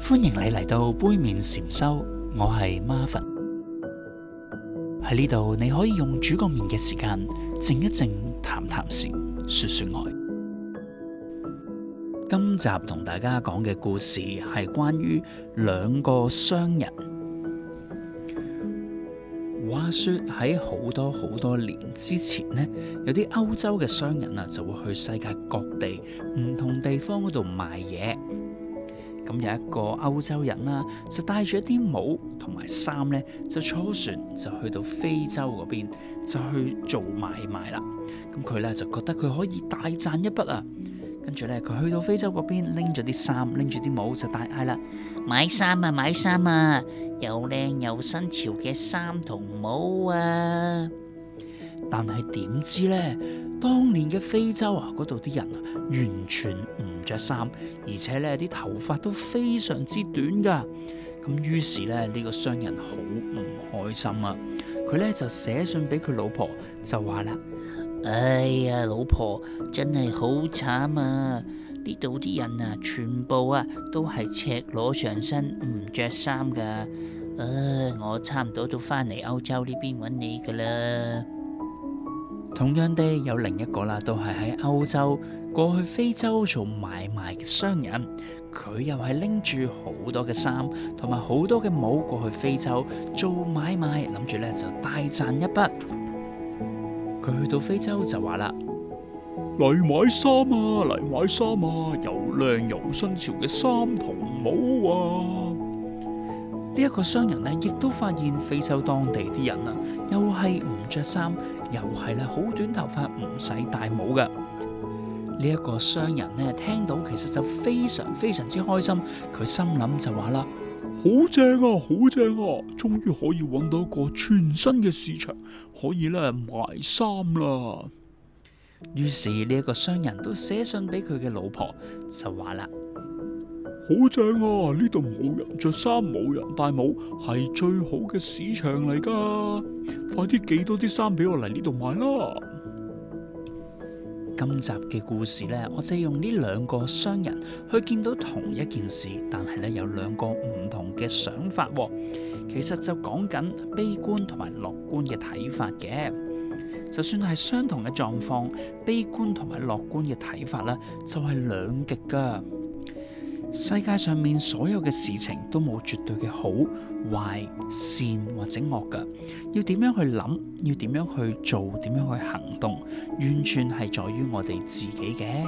歡迎你嚟到杯麵禪修，我係 Marvin，喺呢度，你可以用煮個麵嘅時間靜一靜，談談禪，說說愛。今集同大家講嘅故事係關於兩個商人。話說喺好多好多年之前呢，有啲歐洲嘅商人啊，就會去世界各地唔同地方嗰度賣嘢。咁有一個歐洲人啦、啊，就帶住一啲帽同埋衫咧，就坐船就去到非洲嗰邊，就去做買賣啦。咁佢咧就覺得佢可以大賺一筆啊！跟住咧，佢去到非洲嗰邊，拎住啲衫，拎住啲帽就大嗌啦：買衫啊，買衫啊！又靚又新潮嘅衫同帽啊！但係點知咧，當年嘅非洲啊，度啲人啊，完全唔～着衫，而且咧啲頭髮都非常之短噶。咁於是咧，呢個商人好唔開心啊！佢咧就寫信俾佢老婆，就話啦：哎呀，老婆，真係好慘啊！呢度啲人啊，全部啊都係赤裸上身，唔着衫噶。唉、呃，我差唔多都翻嚟歐洲呢邊揾你噶啦。同樣地，有另一個啦，都係喺歐洲過去非洲做買賣嘅商人，佢又係拎住好多嘅衫同埋好多嘅帽過去非洲做買賣，諗住咧就大賺一筆。佢去到非洲就話啦：嚟買衫啊，嚟買衫啊，又靚又新潮嘅衫同帽啊！呢一個商人咧，亦都發現非洲當地啲人啊，又係唔着衫，又係咧好短頭髮，唔使戴帽嘅。呢一個商人咧，聽到其實就非常非常之開心，佢心諗就話啦：好正啊，好正啊，終於可以揾到一個全新嘅市場，可以咧賣衫啦。於是呢一個商人，都寫信俾佢嘅老婆，就話啦。好正啊！呢度冇人着衫，冇人戴帽，係最好嘅市場嚟噶。快啲寄多啲衫俾我嚟呢度買啦！今集嘅故事呢，我就用呢兩個商人去見到同一件事，但係呢，有兩個唔同嘅想法喎。其實就講緊悲觀同埋樂觀嘅睇法嘅。就算係相同嘅狀況，悲觀同埋樂觀嘅睇法呢，就係兩極噶。世界上面所有嘅事情都冇絕對嘅好、壞、善或者惡噶，要點樣去諗，要點樣去做，點樣去行動，完全係在於我哋自己嘅。